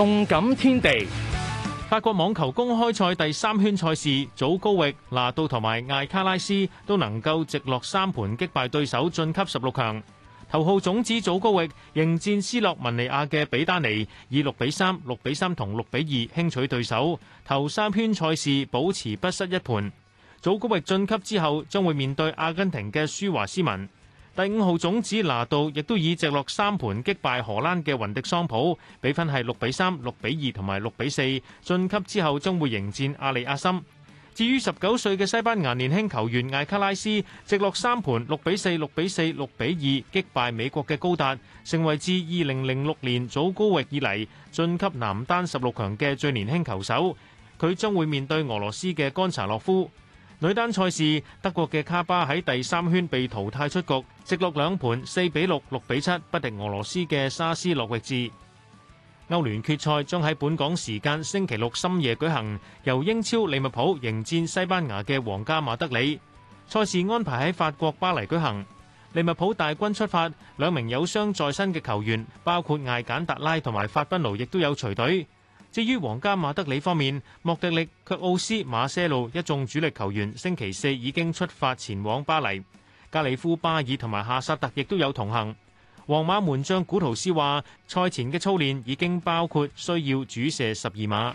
動感天地，法國網球公開賽第三圈賽事，祖高域、拿度同埋艾卡拉斯都能夠直落三盤擊敗對手，晉級十六強。頭號種子祖高域迎戰斯洛文尼亞嘅比丹尼，以六比三、六比三同六比二輕取對手。頭三圈賽事保持不失一盤，祖高域晉級之後將會面對阿根廷嘅舒華斯文。第五號種子拿度亦都以直落三盤擊敗荷蘭嘅雲迪桑普，比分係六比三、六比二同埋六比四，晉級之後將會迎戰阿里阿森。至於十九歲嘅西班牙年輕球員艾卡拉斯，直落三盤六比四、六比四、六比二擊敗美國嘅高達，成為自二零零六年祖高域以嚟晉級男單十六強嘅最年輕球手。佢將會面對俄羅斯嘅干查洛夫。女單賽事，德國嘅卡巴喺第三圈被淘汰出局，直落兩盤四比六、六比七，不敵俄羅斯嘅沙斯洛域志。歐聯決賽將喺本港時間星期六深夜舉行，由英超利物浦迎戰西班牙嘅皇家馬德里。賽事安排喺法國巴黎舉行，利物浦大軍出發，兩名有傷在身嘅球員，包括艾簡達拉同埋法賓奴，亦都有隨隊。至於皇家馬德里方面，莫迪力、卻奧斯、馬歇路一眾主力球員星期四已經出發前往巴黎，加里夫巴爾同埋夏薩特亦都有同行。皇馬門將古圖斯話：賽前嘅操練已經包括需要主射十二碼。